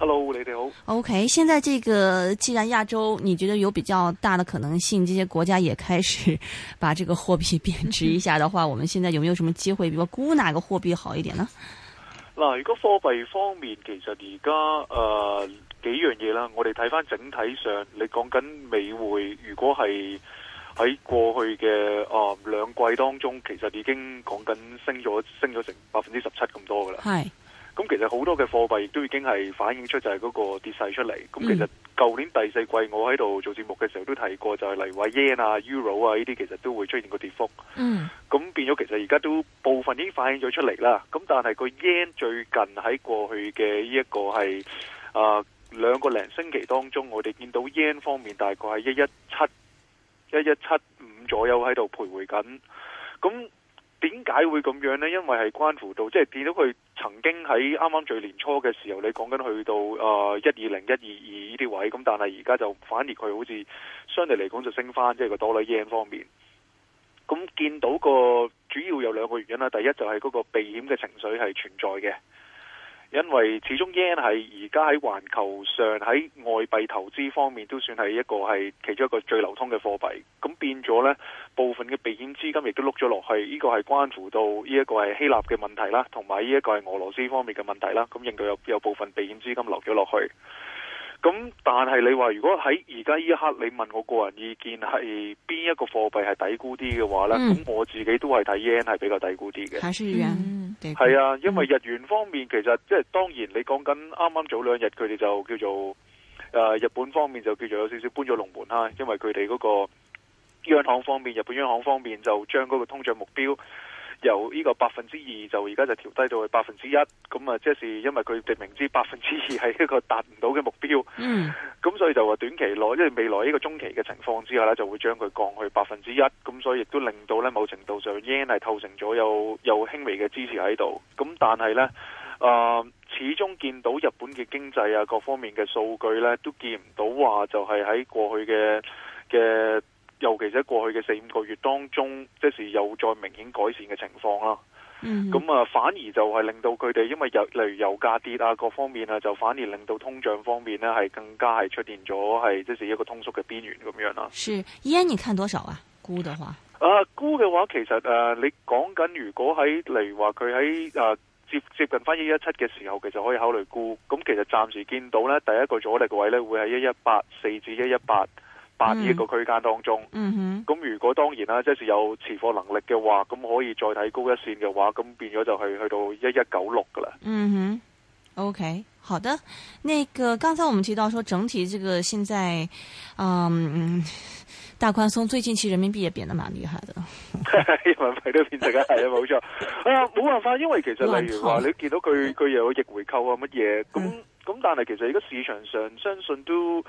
Hello，你哋好。OK，現在這個既然亞洲你覺得有比較大的可能性，這些國家也開始把這個貨幣貶值一下的話， 我們現在有沒有什麼機會？比如估哪個貨幣好一點呢？嗱，如果貨幣方面，其實而家誒幾樣嘢啦，我哋睇翻整體上，你講緊美匯，如果係喺過去嘅啊、呃、兩季當中，其實已經講緊升咗升咗成百分之十七咁多噶啦。係。其實好多嘅貨幣都已經係反映出就係嗰個跌勢出嚟。咁其實舊年第四季我喺度做節目嘅時候都提過，就係例如話 yen 啊、euro 啊，呢啲，其實都會出現個跌幅。嗯。咁變咗，其實而家都部分已經反映咗出嚟啦。咁但係個 yen 最近喺過去嘅呢一個係啊兩個零星期當中，我哋見到 yen 方面大概係一一七一一七五左右喺度徘徊緊。咁點解會咁樣呢？因為係關乎到，即係見到佢曾經喺啱啱最年初嘅時候，你講緊去到啊一二零一二二呢啲位，咁但係而家就反而佢好似相對嚟講就升翻，即係個多啦 yen 方面。咁見到個主要有兩個原因啦，第一就係嗰個避險嘅情緒係存在嘅。因為始終 yen 係而家喺環球上喺外幣投資方面都算係一個係其中一個最流通嘅貨幣，咁變咗呢部分嘅避險資金亦都碌咗落去，呢、這個係關乎到呢一個係希臘嘅問題啦，同埋呢一個係俄羅斯方面嘅問題啦，咁認到有有部分避險資金流咗落去。咁、嗯，但係你話如果喺而家呢一刻，你問我個人意見係邊一個貨幣係低估啲嘅話呢咁、嗯、我自己都係睇 yen 係比較低估啲嘅。睇日元，係啊，因為日元方面、嗯、其實即係、就是、當然你剛剛，你講緊啱啱早兩日佢哋就叫做誒、呃，日本方面就叫做有少少搬咗龍門啦，因為佢哋嗰個央行方面，日本央行方面就將嗰個通脹目標。由呢個百分之二就而家就調低到去百分之一，咁啊，即係因為佢哋明知百分之二係一個達唔到嘅目標，咁、嗯、所以就話短期內，因為未來呢個中期嘅情況之下呢，就會將佢降去百分之一，咁所以亦都令到呢某程度上 yen 係構成咗有有輕微嘅支持喺度。咁但係呢，啊、呃，始終見到日本嘅經濟啊各方面嘅數據呢，都見唔到話就係喺過去嘅嘅。尤其喺過去嘅四五個月當中，即係有再明顯改善嘅情況啦、啊。嗯，咁啊，反而就係令到佢哋，因為油例如油價跌啊，各方面啊，就反而令到通脹方面呢係更加係出現咗係即係一個通縮嘅邊緣咁樣啦、啊。是，煙你睇多少啊？沽嘅話，啊沽嘅話，其實誒、呃，你講緊如果喺例如話佢喺誒接接近翻一一七嘅時候，其實可以考慮沽，咁其實暫時見到呢第一個阻力位呢會係一一八四至一一八八、嗯、億、這個區間當中，咁、嗯、如果當然啦，即、係有持貨能力嘅話，咁可以再睇高一綫嘅話，咁變咗就係去到一一九六噶啦。嗯哼，OK，好的，那個剛才我們提到說整體這個現在，嗯，大寬鬆最近期人民幣也變得蠻厲害的。人民幣都變成係啊，冇錯，啊冇辦法，因為其實例如話你見到佢佢又有逆回購啊乜嘢，咁、嗯、咁但係其實而家市場上相信都。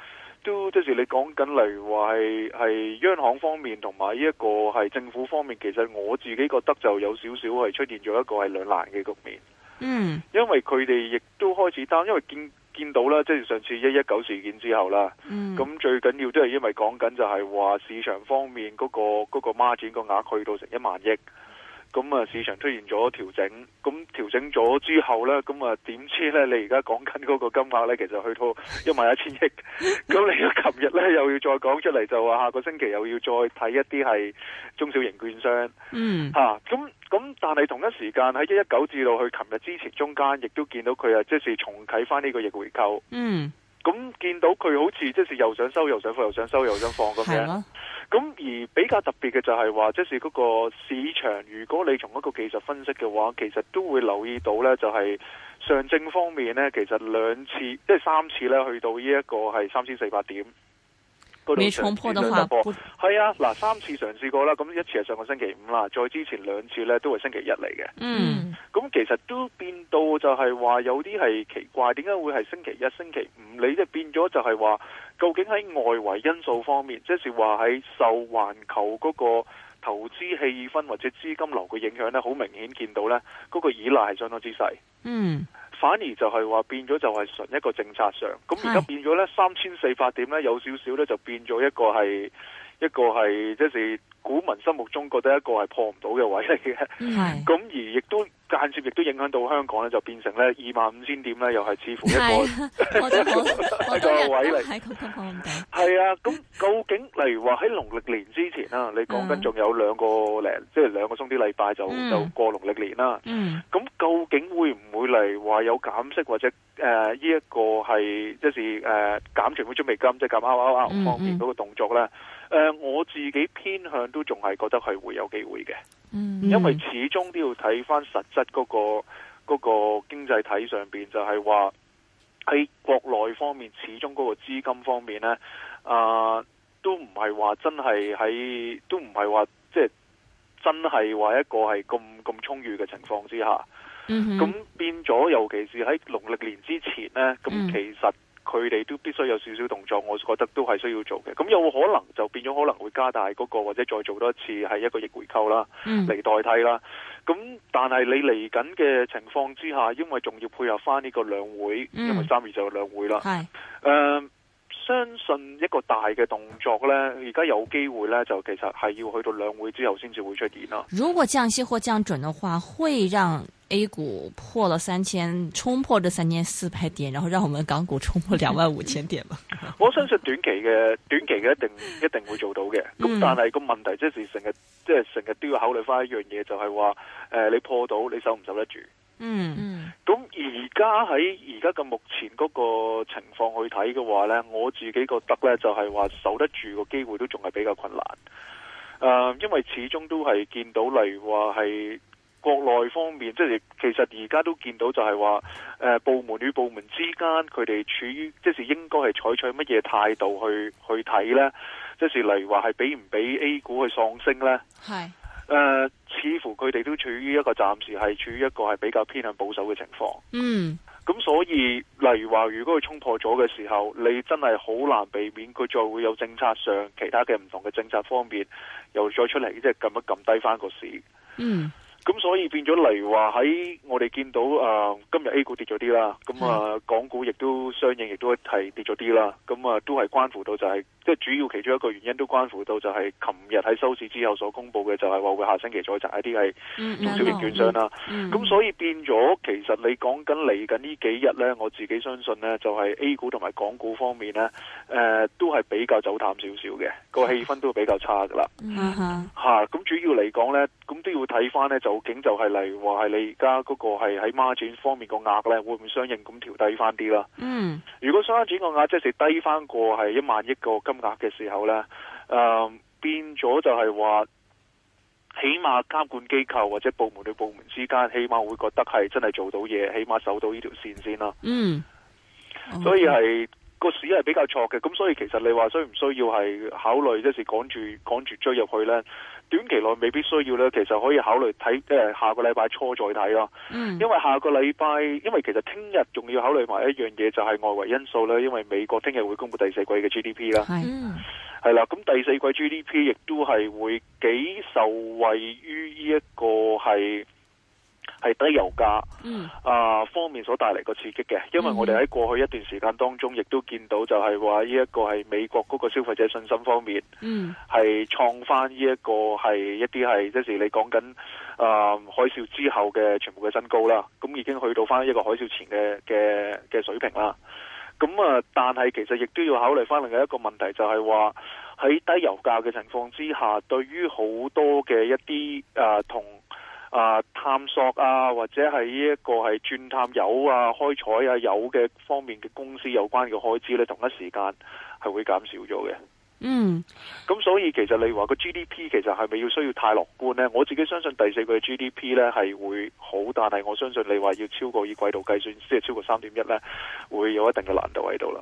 都即係你講緊嚟話係係央行方面，同埋呢一個係政府方面，其實我自己覺得就有少少係出現咗一個係兩難嘅局面。嗯，因為佢哋亦都開始擔，因為見見到啦，即係上次一一九事件之後啦。嗯，咁最緊要都係因為講緊就係話市場方面嗰個嗰個孖展個額去到成一萬億。咁啊，市場出現咗調整，咁調整咗之後呢，咁啊點知呢？你而家講緊嗰個金額呢，其實去到一萬一千億。咁 你喺琴日呢，又要再講出嚟，就話下個星期又要再睇一啲係中小型券商。嗯，咁、啊、咁，但係同一時間喺一一九至到去琴日之前中間，亦都見到佢啊，即是重啟翻呢個逆回購。嗯，咁見到佢好似即是又想收，又想，又，想收又想放，又想收又想放咁樣。咁而比較特別嘅就係話，即是嗰個市場，如果你從一個技術分析嘅話，其實都會留意到呢，就係上證方面呢，其實兩次即係三次呢，去到呢一個係三千四百點嗰度嘅突破，係啊，嗱三次嘗試過啦，咁一次係上個星期五啦，再之前兩次呢，都係星期一嚟嘅。嗯，咁、嗯、其實都變到就係話有啲係奇怪，點解會係星期一、星期五？你即係變咗就係話。究竟喺外圍因素方面，即是話喺受環球嗰個投資氣氛或者資金流嘅影響呢，好明顯見到呢，嗰、那個依賴係相當之細。嗯，反而就係話變咗就係純一個政策上，咁而家變咗呢三千四百點，呢有少少呢就變咗一個係。一個係即係股民心目中覺得一個係破唔到嘅位嚟嘅，咁而亦都間接亦都影響到香港咧，就變成咧二萬五千點咧，又係似乎一個、啊、 一個一個位嚟，係啊咁。啊，究竟例如話喺農曆年之前啦，你講緊仲有兩個零， 即係兩個星期禮拜就、嗯、就過農曆年啦。咁、嗯、究竟會唔會嚟話有減息或者誒呢一個係即係誒減存款準備金，即係減 R R R 方面嗰個動作咧？嗯嗯。誒、呃，我自己偏向都仲係覺得係會有機會嘅，嗯、mm -hmm.，因為始終都要睇翻實質嗰個嗰個經濟體上邊，就係話喺國內方面，始終嗰個資金方面咧，啊、呃，都唔係話真係喺，都唔係話即係真係話一個係咁咁充裕嘅情況之下，嗯，咁變咗，尤其是喺農曆年之前咧，咁其實、mm。-hmm. 佢哋都必須有少少動作，我覺得都係需要做嘅。咁有可能就變咗可能會加大嗰個，或者再做多一次係一個逆回購啦，嚟、嗯、代替啦。咁但係你嚟緊嘅情況之下，因為仲要配合翻呢個兩會，因為三月就有兩會啦。係，uh, 相信一個大嘅動作呢，而家有機會呢，就其實係要去到兩會之後先至會出現啦。如果降息或降準的話，會讓 A 股破了三千，沖破咗三千四百點，然後讓我們港股沖破兩萬五千點嗎？ 我相信短期嘅短期嘅一定一定會做到嘅。咁 但係個問題即係成日即係成日都要考慮翻一樣嘢，就係話，呃，你破到你守唔守得住？嗯嗯，咁而家喺而家嘅目前嗰個情況去睇嘅話咧，我自己覺得咧就係、是、話守得住個機會都仲係比較困難。誒、嗯，因為始終都係見到，例如話係國內方面，即、就、係、是、其實而家都見到就係話，誒、呃、部門與部門之間佢哋處於，即、就是應該係採取乜嘢態度去去睇咧，即、就是例如話係俾唔俾 A 股去上升咧。係。誒、呃，似乎佢哋都處於一個暫時係處於一個係比較偏向保守嘅情況。嗯，咁所以，例如話，如果佢衝破咗嘅時候，你真係好難避免佢再會有政策上其他嘅唔同嘅政策方面又再出嚟，即係撳一撳低翻個市。嗯、mm.。咁所以變咗例如話喺我哋見到啊、呃，今日 A 股跌咗啲啦，咁、嗯嗯、啊港股亦都相應亦都係跌咗啲啦，咁、嗯、啊都係關乎到就係即係主要其中一個原因都關乎到就係琴日喺收市之後所公布嘅就係話會下星期再摘一啲係中小型券商啦，咁、嗯嗯嗯、所以變咗、嗯、其實你講緊嚟緊呢幾日咧，我自己相信咧就係、是、A 股同埋港股方面咧誒、呃、都係比較走淡少少嘅，個氣氛都比較差噶啦，吓、嗯、咁、嗯嗯啊、主要嚟講咧，咁都要睇翻咧就。究竟就係例如話，係你而家嗰個係喺孖展方面個額咧，會唔會相應咁調低翻啲啦？嗯、mm.，如果孖展個額即時低翻過係一萬億個金額嘅時候咧，誒、呃、變咗就係話起碼監管機構或者部門對部門之間，起碼會覺得係真係做到嘢，起碼守到呢條綫先啦。嗯、mm. okay.，所以係。個市係比較錯嘅，咁所以其實你話需唔需要係考慮即係趕住趕住追入去呢？短期內未必需要呢，其實可以考慮睇即係下個禮拜初再睇咯、嗯。因為下個禮拜，因為其實聽日仲要考慮埋一樣嘢就係外圍因素呢。因為美國聽日會公布第四季嘅 GDP 啦。係，係、嗯、啦，咁第四季 GDP 亦都係會幾受惠於呢一個係。係低油價啊方面所帶嚟個刺激嘅，因為我哋喺過去一段時間當中，亦都見到就係話呢一個係美國嗰個消費者信心方面，係創翻呢一個係一啲係即係你講緊啊海嘯之後嘅全部嘅新高啦，咁已經去到翻一個海嘯前嘅嘅嘅水平啦。咁啊，但係其實亦都要考慮翻另外一個問題，就係話喺低油價嘅情況之下，對於好多嘅一啲啊同。啊！探索啊，或者係呢一個係鑽探油啊、開採啊油嘅方面嘅公司有關嘅開支呢，同一時間係會減少咗嘅。嗯，咁所以其實你話個 GDP 其實係咪要需要太樂觀呢？我自己相信第四季嘅 GDP 呢係會好，但係我相信你話要超過以季度計算，即係超過三點一呢，會有一定嘅難度喺度啦。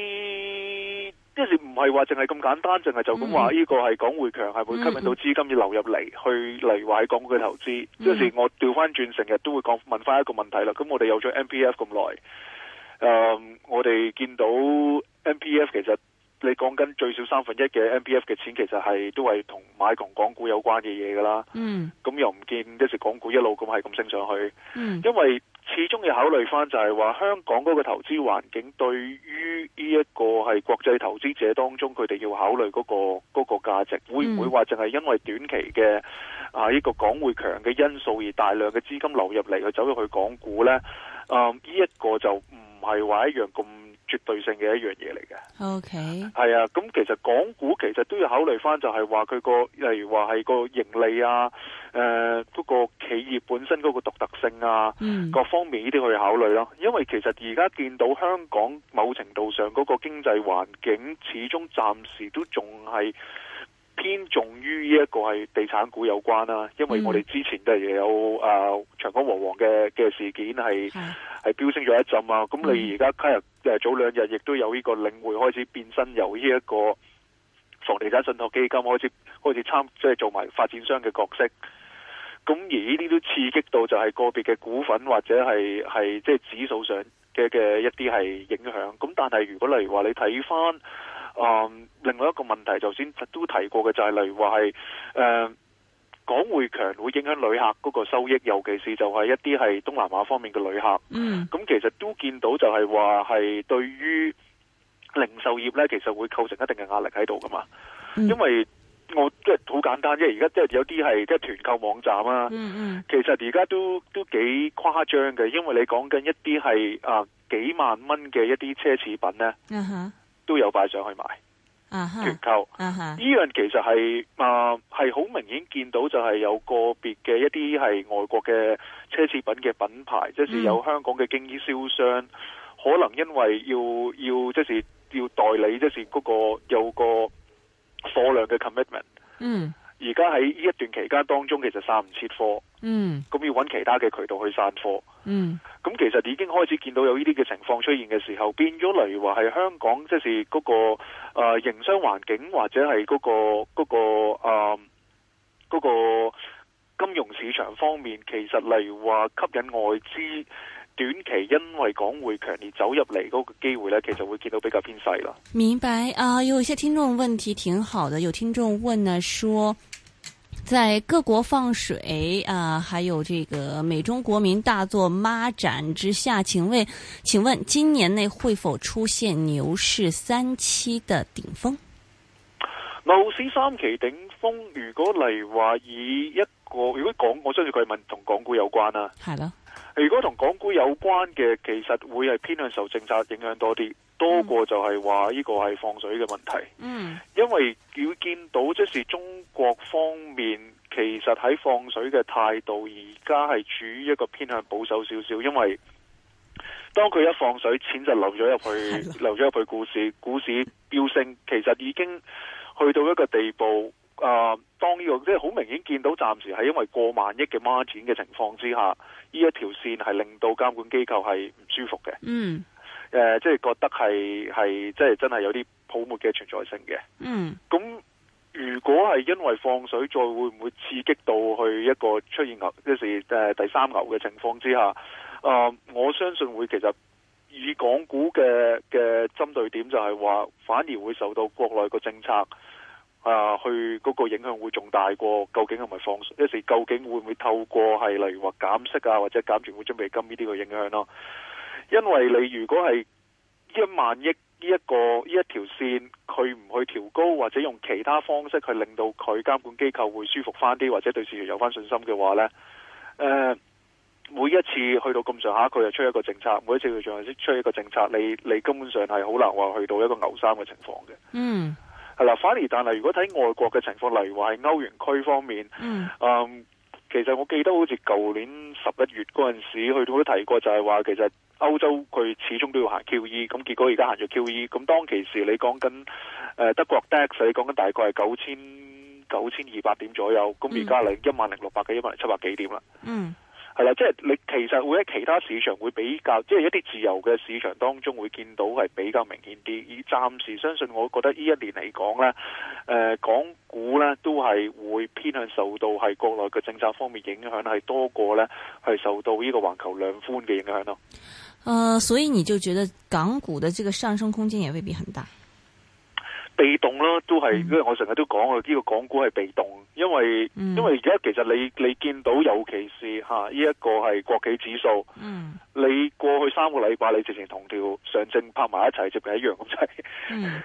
你唔係話淨係咁簡單，淨係就咁話呢個係港匯強係會吸引到資金要流入嚟，嗯，去例如話喺港股嘅投資。即、嗯、係、就是、我調翻轉，成日都會講問翻一個問題啦。咁我哋有咗 M P F 咁耐，誒、嗯，我哋見到 M P F 其實你講緊最少三分一嘅 M P F 嘅錢，其實係都係同買同港股有關嘅嘢噶啦。嗯，咁又唔見一直港股一路咁係咁升上去。嗯，因為。始終要考慮翻，就係話香港嗰個投資環境對於呢一個係國際投資者當中，佢哋要考慮嗰個嗰個價值，會唔會話淨係因為短期嘅啊呢個港匯強嘅因素而大量嘅資金流入嚟，去走入去港股呢？啊，呢一個就唔係話一樣咁。絕對性嘅一樣嘢嚟嘅，OK，係啊，咁其實港股其實都要考慮返，就係話佢個，例如話係個盈利啊，誒、呃，嗰、那個、企業本身嗰個獨特性啊，嗯、各方面呢啲去考慮咯、啊。因為其實而家見到香港某程度上嗰個經濟環境，始終暫時都仲係。偏重於呢一個係地產股有關啦、啊，因為我哋之前都係有啊長江和黃嘅嘅事件，係係飆升咗一陣啊，咁你而家今日早兩日亦都有呢個領匯開始變身，由呢一個房地產信託基金開始開始參即係、就是、做埋發展商嘅角色。咁而呢啲都刺激到就係個別嘅股份或者係係即係指數上嘅嘅一啲係影響。咁但係如果例如話你睇返。嗯，另外一個問題，頭先都提過嘅就係例如話係誒港匯強會影響旅客嗰個收益，尤其是就係一啲係東南亞方面嘅旅客。嗯，咁其實都見到就係話係對於零售業呢，其實會構成一定嘅壓力喺度噶嘛。嗯。因為我即係好簡單，即係而家即係有啲係即係團購網站啊。嗯，嗯，其實而家都都幾誇張嘅，因為你講緊一啲係啊幾萬蚊嘅一啲奢侈品呢。嗯哼。都有擺上去買，團購，uh-huh，呢樣，uh-huh，其實係啊係好明顯見到就係有個別嘅一啲係外國嘅奢侈品嘅品牌，即係有香港嘅經銷商，mm. 可能因為要要，即係要代理，即係嗰個有個貨量嘅 commitment。嗯，而家喺呢一段期間當中，其實散唔切貨。嗯，咁要揾其他嘅渠道去散貨。嗯，咁其實已經開始見到有呢啲嘅情況出現嘅時候，變咗例如話係香港，即、就是、嗰個誒營、呃、商環境或者係、嗰個、嗰個誒、呃嗰個金融市場方面，其實例如話吸引外資短期因為港匯強烈走入嚟嗰個機會呢，其實會見到比較偏細啦。明白啊，uh, 有一些聽眾問題挺好的，有聽眾問呢、啊、說。在各國放水啊、呃，還有這個美中國民大作媽展之下，請問，請問今年內會否出現牛市三期的頂峰？牛市三期頂峰，如果嚟話以一個，如果講，我相信佢問同港股有關啊。係咯。如果同港股有關嘅，其實會係偏向受政策影響多啲，多過就係話呢個係放水嘅問題。嗯，因為要見到即係、就是、中國方面，其實喺放水嘅態度而家係處於一個偏向保守少少，因為當佢一放水，錢就流咗入去，流咗入去股市，股市飆升，其實已經去到一個地步。啊、呃！當呢、這個即係好明顯見到，暫時係因為過萬億嘅孖展嘅情況之下，呢一條線係令到監管機構係唔舒服嘅。嗯。誒、呃，即係覺得係係即係真係有啲泡沫嘅存在性嘅。嗯。咁如果係因為放水再會唔會刺激到去一個出現牛，即係誒第三牛嘅情況之下？啊、呃！我相信會其實以港股嘅嘅針對點就係話，反而會受到國內個政策。啊，去嗰個影響會仲大過？究竟係咪放鬆？一時究竟會唔會透過係例如話減息啊，或者減存款準備金呢啲個影響咯、啊？因為你如果係一萬億呢一個呢一條線，佢唔去調高，或者用其他方式去令到佢監管機構會舒服翻啲，或者對市場有翻信心嘅話呢，誒、呃，每一次去到咁上下，佢就出一個政策，每一次佢仲係識出一個政策，你你根本上係好難話去到一個牛三嘅情況嘅。嗯。係啦，反而但係如果睇外國嘅情況，例如話喺歐元區方面，嗯，誒，其實我記得好似舊年十一月嗰陣時，佢都提過就係話，其實歐洲佢始終都要行 QE，咁結果而家行咗 QE，咁當其時你講緊誒德國 DAX，你講緊大概係九千九千二百點左右，咁而家你一萬零六百幾，一萬零七百幾點啦。嗯。係啦，即係你其實會喺其他市場會比較，即係一啲自由嘅市場當中會見到係比較明顯啲。暫時相信我覺得呢一年嚟講咧，誒、呃、港股咧都係會偏向受到係國內嘅政策方面影響係多過咧係受到呢個環球量寬嘅影響咯、呃。所以你就覺得港股嘅這個上升空間也未必很大？被動啦，都係因為我成日都講啊，呢、呢個港股係被動，因為、嗯、因為而家其實你你見到，尤其是吓呢一個係國企指數、嗯，你過去三個禮拜你直情同條上證拍埋一齊，接近一樣咁滯，係、就、誒、是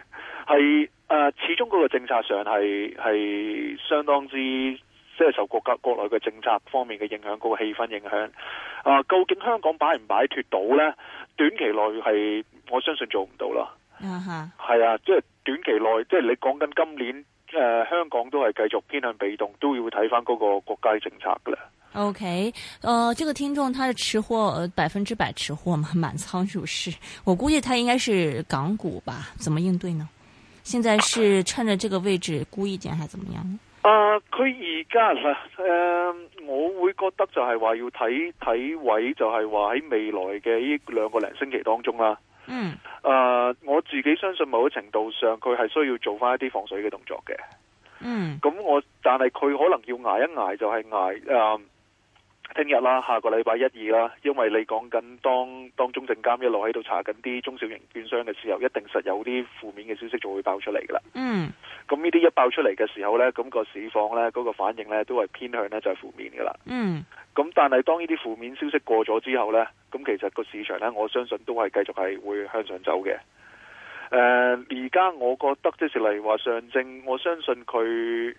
嗯啊，始終嗰個政策上係係相當之即係、就是、受國家國內嘅政策方面嘅影響，嗰個氣氛影響啊。究竟香港擺唔擺脫到咧？短期內係我相信做唔到咯，係、嗯、啊，即、就、係、是。短期內，即係你講緊今年，誒、呃，香港都係繼續偏向被動，都要睇翻嗰個國家政策噶啦。O K，誒，這個聽眾他是持貨，百分之百持貨嘛，滿倉入市，我估計他應該是港股吧？怎麼應對呢？現在是趁着這個位置沽一點，還是怎麼樣？誒，佢而家啊，誒，我會覺得就係話要睇睇位，就係話喺未來嘅呢兩個零星期當中啦。嗯，誒，我自己相信某程度上佢係需要做翻一啲防水嘅動作嘅。嗯、mm.，咁我但係佢可能要挨一挨就係挨誒。Um, 聽日啦，下個禮拜一二啦，因為你講緊當當中證監一路喺度查緊啲中小型券商嘅時候，一定實有啲負面嘅消息就會爆出嚟噶啦。嗯，咁呢啲一爆出嚟嘅時候呢，咁、那個市況呢，嗰、那個反應呢，都係偏向呢就係、是、負面嘅啦。嗯，咁但係當呢啲負面消息過咗之後呢，咁其實個市場呢，我相信都係繼續係會向上走嘅。誒、呃，而家我覺得即係例如話上證，我相信佢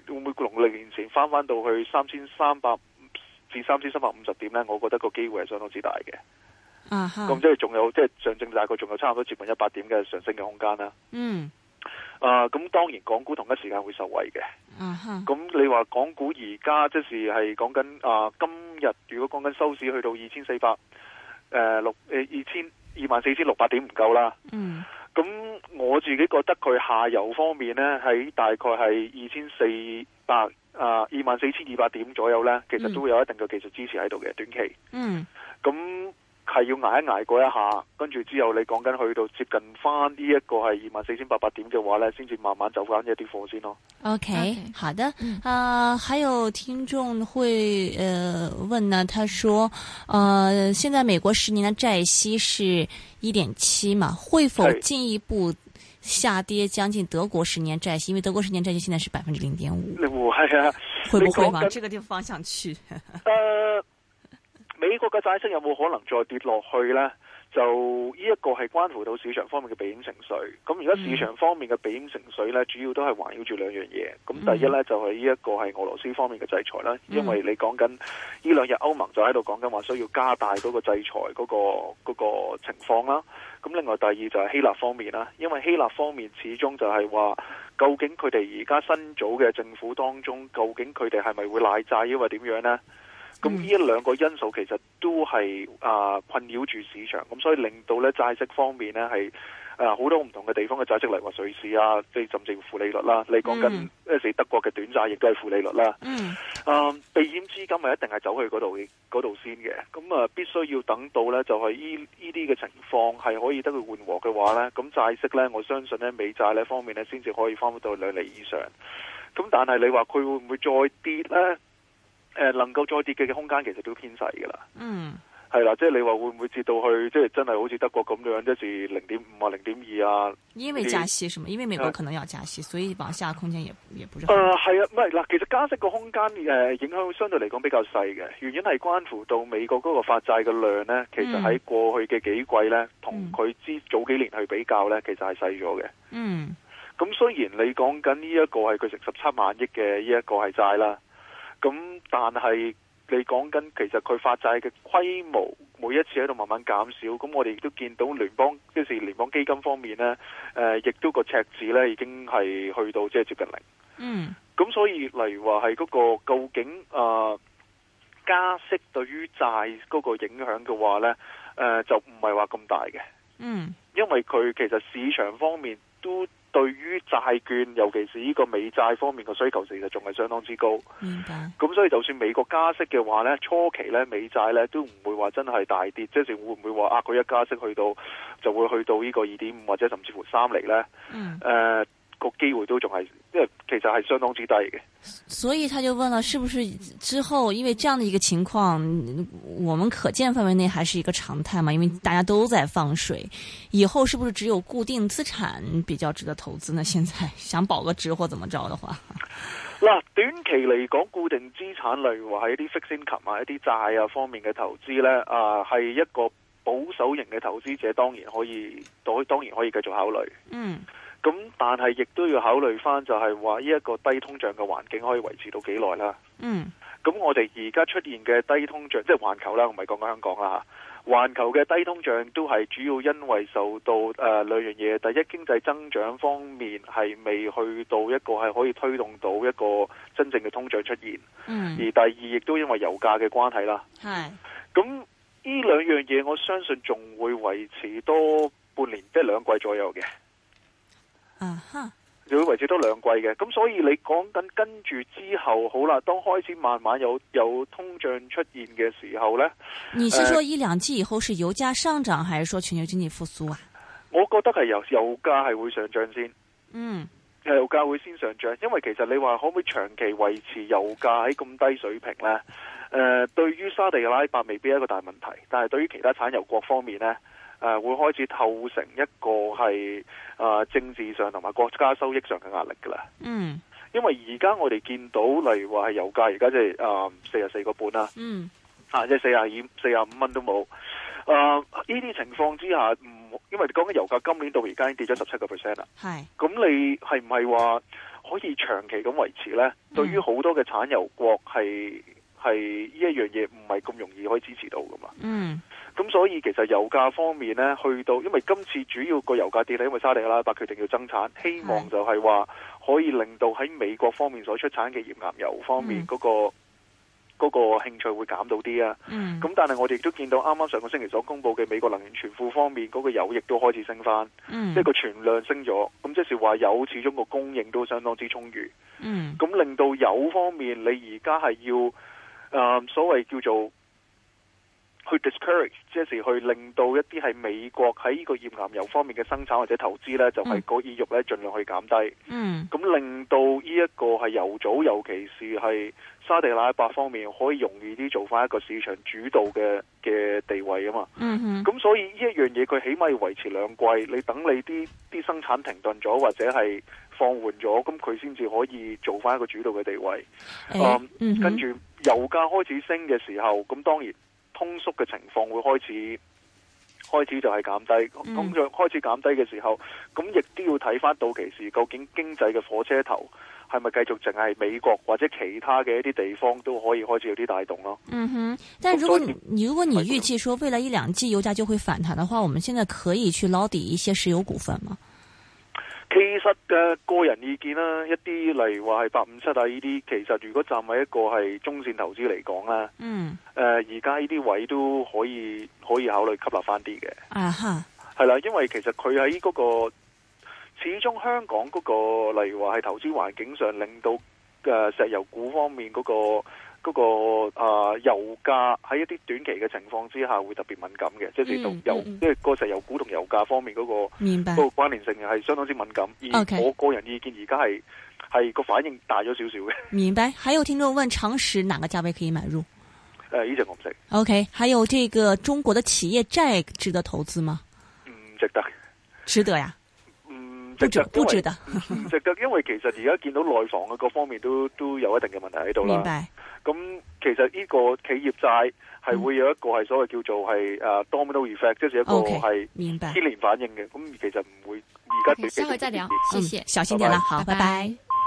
會唔會農曆年前翻翻到去三千三百？二三千三百五十點咧，我覺得個機會係相當之大嘅。咁即係仲有，即係上證大概仲有差唔多接近一百點嘅上升嘅空間啦。嗯。啊，咁當然港股同一時間會受惠嘅。嗯哼。咁你話港股而家即係係講緊啊，今日如果講緊收市去到二千四百誒六誒二千二萬四千六百點唔夠啦。嗯。咁我自己覺得佢下游方面咧，喺大概係二千四百。啊，二萬四千二百點左右呢，其實都有一定嘅技術支持喺度嘅，短期。嗯，咁係要捱一捱過一下，跟住之後你講緊去到接近翻呢一個係二萬四千八百點嘅話呢，先至慢慢走翻一啲貨先咯。OK, okay. Okay. 好的。啊，uh，還有聽眾會，誒，呃，問呢，他說，呃現在美國十年嘅債息是一點七嘛，會否進一步？下跌將近德國十年債息，因為德國十年債息現在是百分之零點五。五啊，會不會往這個地方方向去、 呃？美國嘅債息有冇可能再跌落去呢？就呢一、這個係關乎到市場方面嘅避險程序。咁而家市場方面嘅避險程序呢，嗯、主要都係環繞住兩樣嘢。咁第一呢，嗯、就係呢一個係俄羅斯方面嘅制裁啦，因為你講緊呢、嗯、兩日歐盟就喺度講緊話需要加大嗰個制裁嗰、那個嗰、那個情況啦。咁另外第二就係希臘方面啦，因為希臘方面始終就係話，究竟佢哋而家新組嘅政府當中，究竟佢哋係咪會賴債，抑或點樣呢？咁呢一兩個因素其實都係啊困擾住市場，咁所以令到咧債息方面呢係。啊，好多唔同嘅地方嘅債息，例如話瑞士啊，即係甚至負利率啦、啊嗯。你講緊、嗯，即德國嘅短債亦都係負利率啦、啊。嗯，啊，避險資金咪一定係走去嗰度，嗰度先嘅。咁、嗯、啊，必須要等到咧，就係依依啲嘅情況係可以得到緩和嘅話咧，咁債息咧，我相信咧美債呢方面咧，先至可以翻到兩厘以上。咁、嗯、但係你話佢會唔會再跌咧、呃？能夠再跌嘅空間其實都偏細噶啦。嗯。係啦、啊，即係你話會唔會跌到去，即係真係好似德國咁樣，一至零點五啊，零點二啊。因為加息係嘛？因為美國可能要加息、啊，所以往下空間也也不。誒、呃，係啊，唔係嗱，其實加息個空間誒、呃、影響相對嚟講比較細嘅，原因係關乎到美國嗰個發債嘅量咧、嗯。其實喺過去嘅幾季咧，同佢之早幾年去比較咧、嗯，其實係細咗嘅。嗯。咁、嗯、雖然你講緊呢一個係佢成十七萬億嘅呢一個係債啦，咁但係。你講緊其實佢發債嘅規模每一次喺度慢慢減少，咁我哋亦都見到聯邦即係聯邦基金方面呢，誒、呃，亦都個赤字呢已經係去到即係、就是、接近零。嗯，咁所以例如話係嗰個究竟啊、呃、加息對於債嗰個影響嘅話呢，誒、呃、就唔係話咁大嘅。嗯、mm.，因為佢其實市場方面都。對於債券，尤其是呢個美債方面嘅需求，其實仲係相當之高。明白。咁所以就算美國加息嘅話呢，初期呢美債呢都唔會話真係大跌，即係會唔會話啊佢一加息去到就會去到呢個二點五或者甚至乎三厘呢？嗯，uh, 機會都仲係，因為其實係相當之低嘅。所以他就問了是不是之後因為這樣的一個情況，我們可見範圍內還是一個常態嘛？因為大家都在放水，以後是不是只有固定資產比較值得投資呢？現在想保個值或者怎麼着的話，嗱，短期嚟講，固定資產類或喺一啲 fixed income 啊、一啲債啊方面嘅投資呢啊，係、呃、一個保守型嘅投資者，當然可以，都當然可以繼續考慮。嗯。咁但係亦都要考慮翻，就係話呢一個低通脹嘅環境可以維持到幾耐啦。嗯，咁我哋而家出現嘅低通脹，即係環球啦，我唔係講緊香港啦吓。環球嘅低通脹都係主要因為受到誒兩樣嘢，第一經濟增長方面係未去到一個係可以推動到一個真正嘅通脹出現。嗯。而第二亦都因為油價嘅關係啦。係。咁呢兩樣嘢，我相信仲會維持多半年即係兩季左右嘅。嗯，吓，就會維持多兩季嘅，咁所以你講緊跟住之後好啦，當開始慢慢有有通脹出現嘅時候呢，你是說一兩季以後是油價上漲，還是說全球經濟復甦啊？我覺得係油油價係會上漲先，嗯、um.，油價會先上漲，因為其實你話可唔可以長期維持油價喺咁低水平呢？誒、呃，對於沙地阿拉伯未必係一個大問題，但係對於其他產油國方面呢誒、呃，會開始透成一個係誒、呃、政治上同埋國家收益上嘅壓力噶啦。嗯，因為而家我哋見到，例如話係油價、就是，而家即係誒四十四個半啦。嗯，啊，即係四廿二、四廿五蚊都冇。誒，呢啲情況之下，唔因為講緊油價，今年到而家已經跌咗十七個 percent 啦。係，咁你係唔係話可以長期咁維持咧、嗯？對於好多嘅產油國是，係係呢一樣嘢唔係咁容易可以支持到噶嘛？嗯。咁所以其實油價方面呢，去到因為今次主要個油價跌咧，因為沙地阿拉伯決定要增產，希望就係話可以令到喺美國方面所出產嘅頁岩油方面嗰、那個嗰、嗯那個那個、興趣會減到啲啊。咁、嗯、但係我哋都見到啱啱上個星期所公布嘅美國能源存庫方面嗰、那個油亦都開始升翻、嗯，即係個存量升咗。咁即是話油始終個供應都相當之充裕。咁、嗯、令到油方面你，你而家係要所謂叫做。去 discourage，即係去令到一啲係美國喺呢個頁岩油方面嘅生產或者投資咧，就係嗰意欲咧，盡量去減低。嗯，咁、嗯、令到呢一個係油組，尤其是係沙地阿拉伯方面，可以容易啲做翻一個市場主導嘅嘅地位啊嘛。嗯咁所以呢一樣嘢，佢起碼要維持兩季。你等你啲啲生產停頓咗或者係放緩咗，咁佢先至可以做翻一個主導嘅地位。嗯，嗯跟住油價開始升嘅時候，咁當然。通縮嘅情況會開始，開始就係減低。通脹開始減低嘅時候，咁亦都要睇翻到期時，究竟經濟嘅火車頭係咪繼續淨係美國或者其他嘅一啲地方都可以開始有啲帶動咯。嗯哼，但如果你如果你預計說未來一兩季油價就會反彈嘅話，我們現在可以去撈底一些石油股份嗎？其實咧，個人意見啦，一啲例如話係八五七啊，呢啲，其實如果站喺一個係中線投資嚟講啦，嗯、mm. 呃，誒而家呢啲位都可以可以考慮吸納翻啲嘅，啊哈，係啦，因為其實佢喺嗰個始終香港嗰、嗰個例如話係投資環境上，令到誒石油股方面嗰、嗰個。嗰、那個啊、呃、油價喺一啲短期嘅情況之下會特別敏感嘅，即係你同油，因為嗰石油股同油價方面嗰、那個，嗰、那個關聯性係相當之敏感、okay。而我個人意見而家係係個反應大咗少少嘅。明白。還有聽眾問，長實哪個價位可以買入？誒、呃，呢隻我唔識。OK，還有這個中國的企業債值得投資嗎、嗯？值得。值得呀、啊。都着，都着得唔得？因為其實而家見到內房嘅各方面都都有一定嘅問題喺度啦。明白。咁其實呢個企業債係會有一個係所謂叫做係誒 domino effect，、嗯、即係一個係牽連反應嘅。咁、okay, 其實唔會而家對。稍、okay, 再聊，謝謝，嗯、小心點啦，好，拜拜。拜拜